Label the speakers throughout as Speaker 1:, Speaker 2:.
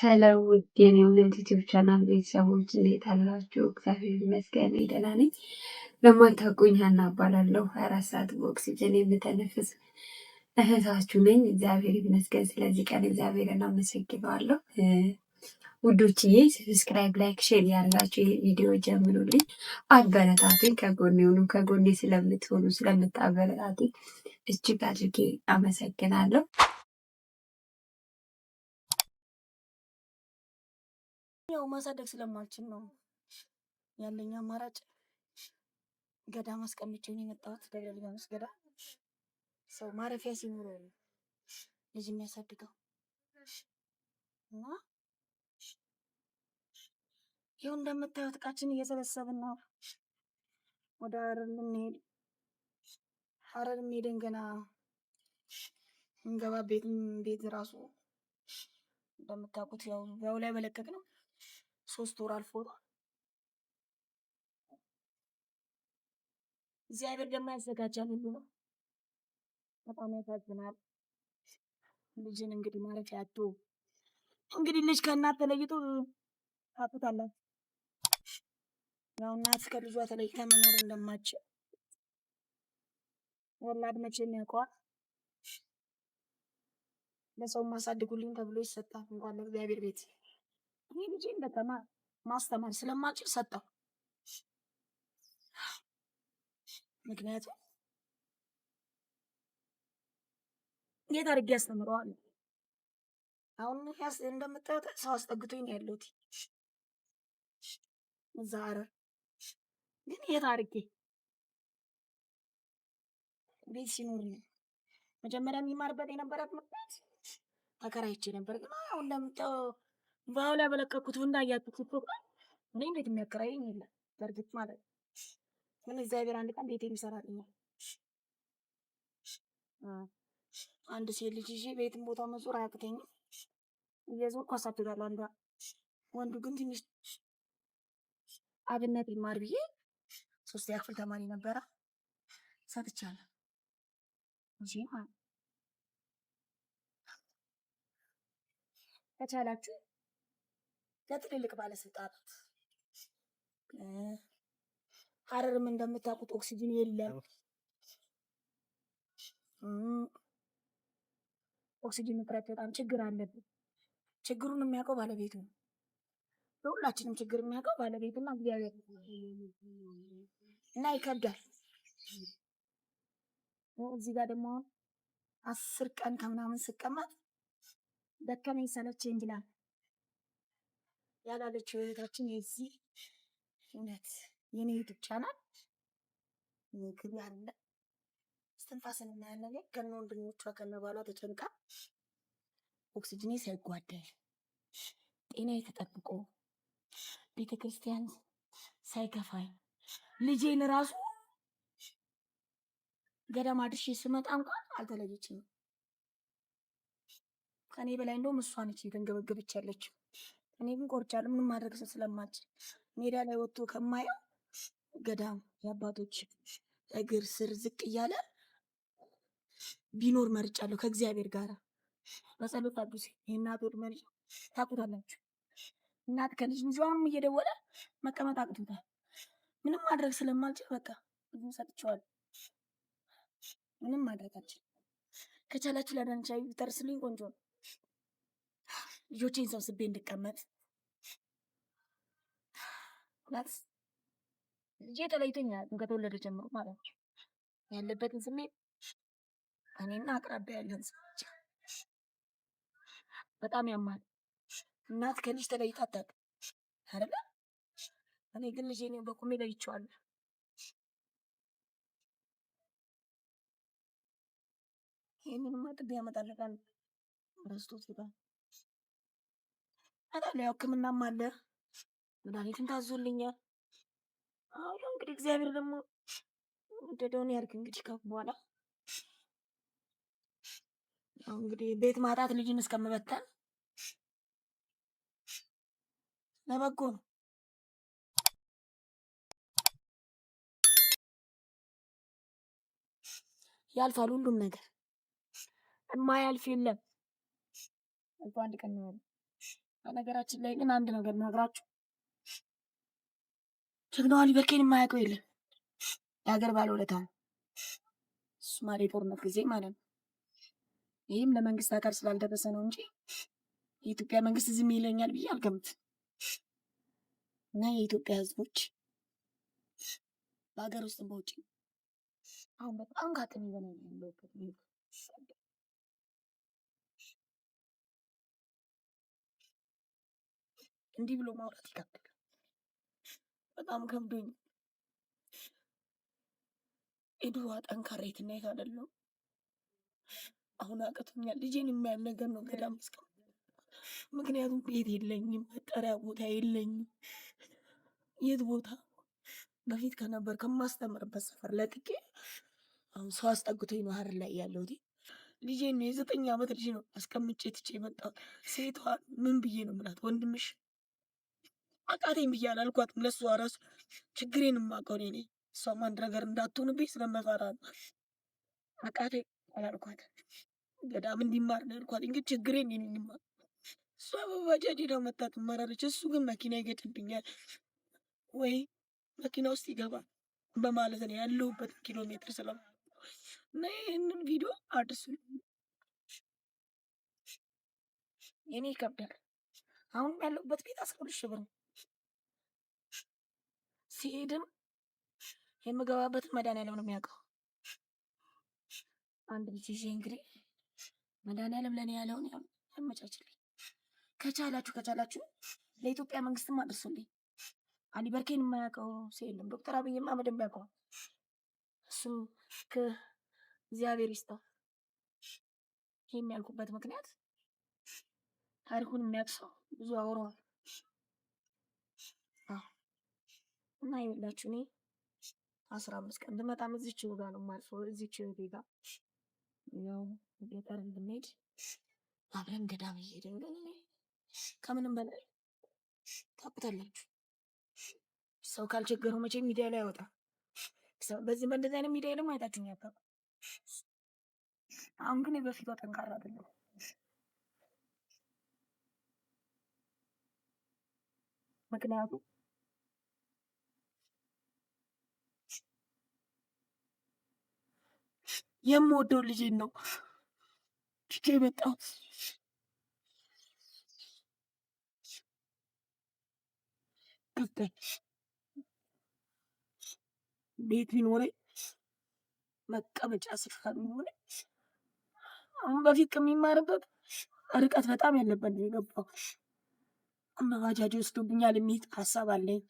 Speaker 1: ሰላም ውድ የኔውነት ዩቲዩብ ቻናል ቤተሰቦች እንዴት አላችሁ? እግዚአብሔር ይመስገን ደህና ነኝ። ለማታውቁኝ ሀና እባላለሁ። ሀያ አራት ሰዓት በኦክሲጅን የምተነፍስ እህታችሁ ነኝ። እግዚአብሔር ይመስገን ስለዚህ ቀን እግዚአብሔርን አመሰግነዋለሁ። ውዶችዬ ሰብስክራይብ፣ ላይክ፣ ሼር ያደርጋችሁ ይህ ቪዲዮ ጀምሩልኝ፣ አበረታቱኝ። ከጎኔ ሁኑ። ከጎኔ ስለምትሆኑ ስለምታበረታቱኝ እጅግ አድርጌ አመሰግናለሁ።
Speaker 2: ያው ማሳደግ ስለማልችል ነው ያለኝ አማራጭ። ገዳም አስቀምጬ ነው የመጣሁት፣ ደብረ ሊባኖስ ገዳም። ሰው ማረፊያ ሲኖር ነው ልጅ የሚያሳድገው እና ይኸው እንደምታዩት እቃችን እየሰበሰብን ነው ወደ ሀረር የምንሄድ። ሀረር ሄደን ገና እንገባ ቤት ቤት ራሱ እንደምታውቁት ያው ላይ በለቀቅ ነው ሶስት ወር አልፎታል። እግዚአብሔር ደግሞ ያዘጋጃል ሁሉ ነው። በጣም ያሳዝናል። ልጅን እንግዲህ ማረፍ ያቶ እንግዲህ ልጅ ከእናት ተለይቶ ታጡታላችሁ። ያው እናት ከልጇ ተለይታ መኖር እንደማችል ወላድ መቼም ያውቀዋል። ለሰው ማሳድጉልኝ ተብሎ ይሰጣል እንኳን ለእግዚአብሔር ቤት እኔ ልጄ እንደተማ ማስተማር ስለማልችል ሰጠው። ምክንያቱም እንዴት አድርጌ አስተምረዋለሁ? አሁን ያስ እንደምታዩት ሰው አስጠግቶኝ ነው ያለሁት። እዛ ግን የት አድርጌ ቤት ሲኖር ነው መጀመሪያ የሚማርበት የነበረት ምክንያት ቤት ተከራይቼ ነበር። ግን አሁን እንደምታየው በአሁኑ ላይ ያበለቀኩት እንዳያችሁት ፕሮግራም እኔ ቤት የሚያከራየኝ የለም። በእርግጥ ማለት ምን እግዚአብሔር አንድ ቀን ቤት የሚሰራልኛል። አንድ ሴት ልጅ ይዤ ቤትን ቦታ መዞር አያቅተኝም። እየዞር አሳድጋለሁ። አንዷ ወንዱ ግን ትንሽ አብነት ይማር ብዬ ሶስት ክፍል ተማሪ ነበረ ሰጥቻለሁ እንጂ ከቻላችሁ ለትልልቅ ባለስልጣናት ሀረርም እንደምታውቁት ኦክሲጅን የለም። ኦክሲጅን እጥረት በጣም ችግር አለብን። ችግሩን የሚያውቀው ባለቤቱ ነው። የሁላችንም ችግር የሚያውቀው ባለቤቱና እግዚአብሔር እና ይከብዳል። እዚህ ጋር ደግሞ አስር ቀን ከምናምን ስቀመጥ ደከመኝ ሰለቸኝ ይላል። ያላለችው እህታችን የዚህ እውነት የኔ ዩቱብ ቻናል ምግብ እናያለን። ከነ ወንድሞቿ ከነ ባሏ ተጨንቃ ኦክሲጅኔ ሳይጓደል ጤና የተጠብቆ ቤተ ክርስቲያን ሳይከፋኝ ልጄን ራሱ ገዳም አድርሼ ስመጣ እንኳን አልተለየችም። በላይ እንደውም እሷ ነች ያለችው። እኔ ግን ቆርጫለሁ፣ ምንም ማድረግ ስለማልችል ሜዳ ላይ ወጥቶ ከማየው ገዳም የአባቶች እግር ስር ዝቅ እያለ ቢኖር መርጫለሁ። ከእግዚአብሔር ጋር በጸሎት አዱሴ የእናቶት መርጫ ታቁታላችሁ። እናት ከልጅ ልጇም እየደወለ መቀመጥ አቅቶታል። ምንም ማድረግ ስለማልችል በቃ ብዙም ሰጥቼዋለሁ። ምንም ማድረግ አልችልም። ከቻላችሁ ለደንቻ ቢጠርስልኝ ቆንጆ ነው። ልጆቼን ሰብስቤ እንድቀመጥ ልጄ ተለይቶኝ ከተወለደ ጀምሮ ማለት ነው ያለበትን ስሜት እኔና አቅራቢያ ያለን ሰዎች በጣም ያማል። እናት ከልጅ ተለይታ አታውቅም አይደለ? እኔ ግን ልጄ ነው በቁሜ ለይቼዋለሁ። ይህንንማ ማጥብ ያመጣልቃል ረስቶት ይባል አታለ ያው ሕክምናም አለ መድኃኒትም ታዞልኛል። አሁን እንግዲህ እግዚአብሔር ደግሞ ወደደውን ያድርግ። እንግዲህ ከፍ በኋላ እንግዲህ ቤት ማጣት ልጅን እስከምበተን ለበጎ ነው። ያልፋል ሁሉም ነገር፣ የማያልፍ የለም። አንድ ቀን ነው ያለው። በነገራችን ላይ ግን አንድ ነገር ነግራችሁ ጀግናዋ ሊበኬን የማያውቀው የለም። የሀገር ባለውለታ ነው። ሱማሌ ጦርነት ጊዜ ማለት ነው። ይህም ለመንግስት አካል ስላልደረሰ ነው እንጂ የኢትዮጵያ መንግስት ዝም ይለኛል ብዬ አልገምትም። እና የኢትዮጵያ ህዝቦች በሀገር ውስጥ በውጭ አሁን በጣም ጋጥም በላይ ያለሁበት እንዲህ ብሎ ማውራት ይከብዳል። በጣም ከብዶኝ የድሮ ጠንካራ የትናየት አይደለም አሁን አቅቶኛል። ልጄን የሚያል ነገር ነው ገዳም ስከ ምክንያቱም ቤት የለኝም፣ መጠሪያ ቦታ የለኝም። የት ቦታ በፊት ከነበር ከማስተምርበት ሰፈር ለጥቄ አሁን ሰው አስጠግቶኝ ባህር ላይ ያለሁት ልጄን የዘጠኝ ዓመት ልጅ ነው አስቀምጬ ትቼ የመጣሁት። ሴቷ ምን ብዬ ነው ምላት ወንድምሽ አቃተኝ ብዬ አላልኳትም። ለእሷ ራሱ ችግሬን የማውቀው እኔ ነኝ። እሷም አንድ ነገር እንዳትሆንብኝ ስለመፈራ አቃተኝ አላልኳት። ገዳም እንዲማር ነው ያልኳት። እንግዲህ ችግሬን እንዲማር እሷ በባጃጅ ሄዳ መታ ትማራለች። እሱ ግን መኪና ይገጭብኛል ወይ መኪና ውስጥ ይገባል በማለት ነው ያለሁበት ኪሎ ሜትር ስለ እና ይህንን ቪዲዮ አድርሱ። የኔ ይከብዳል። አሁን ያለሁበት ቤት አስቆልሽ ብር ነው ሲሄድም የምገባበትን መድኃኒዓለም ነው የሚያውቀው። አንድ ልጅ ይዤ እንግዲህ መድኃኒዓለም ለእኔ ያለውን ያመቻችልኝ። ከቻላችሁ ከቻላችሁ ለኢትዮጵያ መንግስትም አድርሱልኝ። አሊ በርኬን የማያውቀው ሲሄድም ዶክተር አብይማ በደንብ ያውቀዋል። እሱም ከእግዚአብሔር ይስጠው። ይህ የሚያልኩበት ምክንያት ታሪኩን የሚያውቅ ሰው ብዙ አውረዋል። እና ይኸውላችሁ እኔ አስራ አምስት ቀን ብመጣም እዚች ጋ ነው የማልፈው። እዚች ጋ ያው ገጠር እንድንሄድ አብረን ገዳም እየሄድን ግን ከምንም በላይ ታውቁታላችሁ፣ ሰው ካልቸገረው መቼ ሚዲያ ላይ አይወጣ። በዚህ በእንደዚህ አይነት ሚዲያ ደግሞ አይታችሁኝ ያውቃል። አሁን ግን በፊቷ ጠንካራ አይደለም። ምክንያቱም የምወደው ልጄን ነው ትቼ የመጣሁት። ቤት ቢኖረኝ መቀመጫ ስፍራ ቢኖረኝ አሁን በፊት ከሚማርበት ርቀት በጣም ያለበት ነው የገባው። መባጃጅ ወስዶብኛል የሚሄድ ሀሳብ አለኝ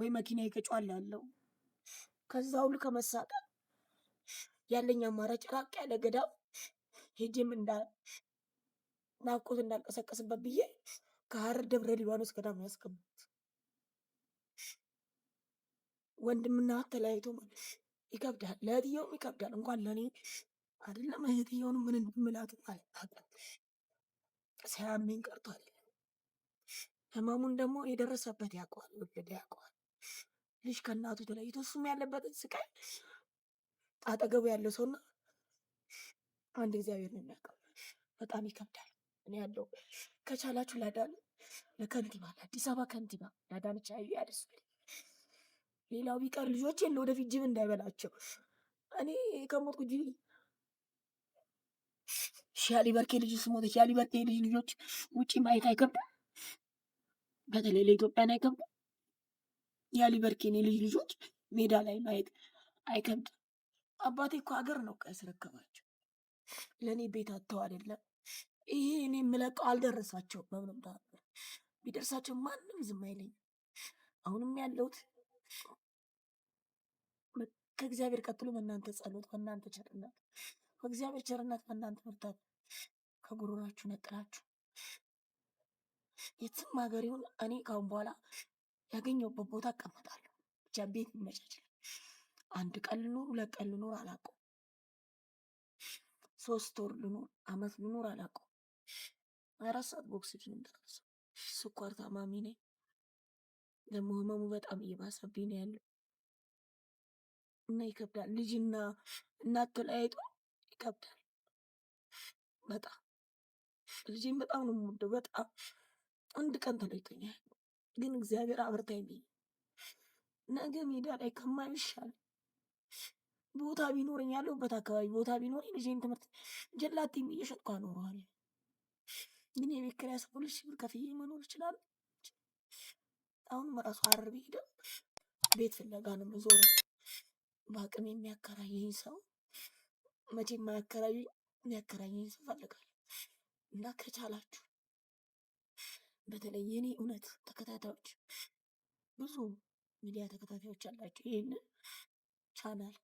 Speaker 2: ወይ መኪና ይገጫዋል ያለው ከዛ ሁሉ ከመሳቀቅ ያለኝ አማራጭ ራቅ ያለ ገዳም ሄጄም እንዳ ናፍቆት እንዳንቀሳቀስበት ብዬ ከሀረር ደብረ ሊባኖስ ገዳም ያስገቡት ወንድምና ተለያይቶ ይከብዳል። ለእህትየውም ይከብዳል። እንኳን ለእኔ አይደለም እህትየውን ምን እንድምላት ማለት አቅም ቀርቶ አይደለም። ህመሙን ደግሞ የደረሰበት ያውቀዋል፣ ወለደ ያውቀዋል። ልጅ ከእናቱ ተለይቶ እሱም ያለበትን ስቃይ አጠገቡ ያለው ሰውና አንድ እግዚአብሔር ነው የሚያውቀው። በጣም ይከብዳል። እኔ ያለው ከቻላችሁ ላዳን ለከንቲባ ለአዲስ አበባ ከንቲባ ላዳነች አቤቤ ያደርሱልኝ። ሌላው ቢቀር የለ ወደፊት ጅብ እንዳይበላቸው እኔ ከሞትኩ ጅብ ሻሊ በርኬ ልጅ ስሞት ሻሊ በርኬ ልጅ ልጆች ውጭ ማየት አይከብድም። በተለይ ለኢትዮጵያን አይከብድም። ያሊ በርኬ ልጅ ልጆች ሜዳ ላይ ማየት አይከብድም። አባቴ እኮ ሀገር ነው እኮ ያስረከባቸው። ለእኔ ቤት አተው አይደለም ይሄ እኔ የምለቀው አልደረሳቸው በምንም ታምር ቢደርሳቸው ማንም ዝም አይለኝም። አሁንም ያለሁት ከእግዚአብሔር ቀጥሎ በእናንተ ጸሎት፣ በእናንተ ቸርነት፣ ከእግዚአብሔር ቸርነት፣ በእናንተ ምርታት ከጉሮራችሁ ነቅላችሁ የትም ሀገር ይሁን እኔ ካሁን በኋላ ያገኘሁበት ቦታ እቀመጣለሁ። ብቻ ቤት አንድ ቀን ልኖር፣ ሁለት ቀን ልኖር አላውቀው፣ ሶስት ወር ልኖር፣ አመት ልኖር አላውቀው። አራት ሰዓት በኦክሲጅን እንደራሱ ስኳር ታማሚ ነኝ። ደግሞ ህመሙ በጣም እየባሰብኝ ነው ያለው እና ይከብዳል። ልጅና እናት ተለያይቶ ይከብዳል በጣም ልጅም በጣም ነው የምወደው። በጣም አንድ ቀን ተለይቶኛል፣ ግን እግዚአብሔር አብርታኝ ነገ ሜዳ ላይ ከማይሻል ቦታ ቢኖረኝ ያለሁበት አካባቢ ቦታ ቢኖረኝ ልጄን ትምህርት ጀላት እየሸጥኩ አኖረዋል። ግን የቤት ኪራይ አስራ ሁለት ሺህ ብር ከፍዬ መኖር ይችላል። አሁንም ራሱ አርብ ብሄድ ቤት ፍለጋ ነው የምዞረው። በአቅም የሚያከራየኝ ሰው መቼ የማያከራዩ የሚያከራየኝ ሰው ፈልጋል እና ከቻላችሁ በተለይ የኔ እውነት ተከታታዮች ብዙ ሚዲያ ተከታታዮች አላቸው ይህንን ቻናል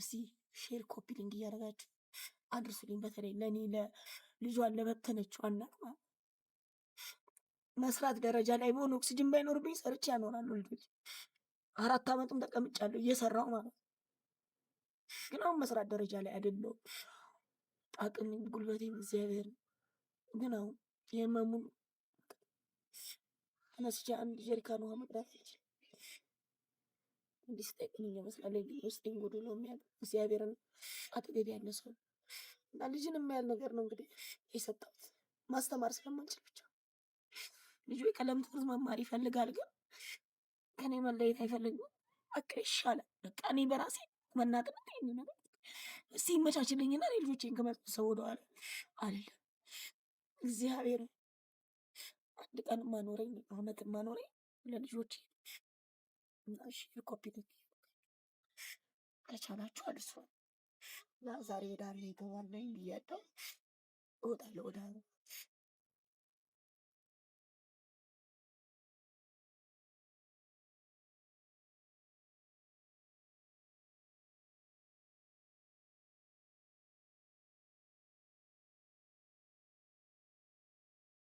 Speaker 2: እስቲ ሼር ኮፒ ሊንክ እያደረጋችሁ አድርሱልኝ። በተለይ ለእኔ ለልጇን ለበተነችው አናት መስራት ደረጃ ላይ በሆነ ኦክሲጅን ባይኖርብኝ ሰርቼ ያኖራሉ ልጆች አራት ዓመትም ተቀምጫለሁ እየሰራው ማለት ግን አሁን መስራት ደረጃ ላይ አይደለሁም። አቅም ጉልበቴም እግዚአብሔር ግን አሁን የመሙን ተነስቼ አንድ ጀሪካን ውሃ መቅዳት እንዲስጠቅልኝ ይመስላል ውስጥ የሚያል እግዚአብሔርን አጠገብ ያለ ሰው እና ልጅን የሚያል ነገር ነው እንግዲህ የሰጠሁት ማስተማር ስለማንችል ብቻ ልጁ የቀለም ትምህርት መማር ይፈልጋል፣ ግን ከኔ መለየት አይፈልግም። በቃ ይሻላል። በቃ እኔ በራሴ መናቅነት ነገር እስቲ ይመቻችልኝና ልጆቼን ሰው እግዚአብሔር አንድ ቀን ማኖረኝ እውነት ማኖረኝ ለልጆቼ ኮፒ ከቻላችሁ አልሱ እና ዛሬ ወደ ይገባለኝ ብያለሁ። እወጣለሁ ወደ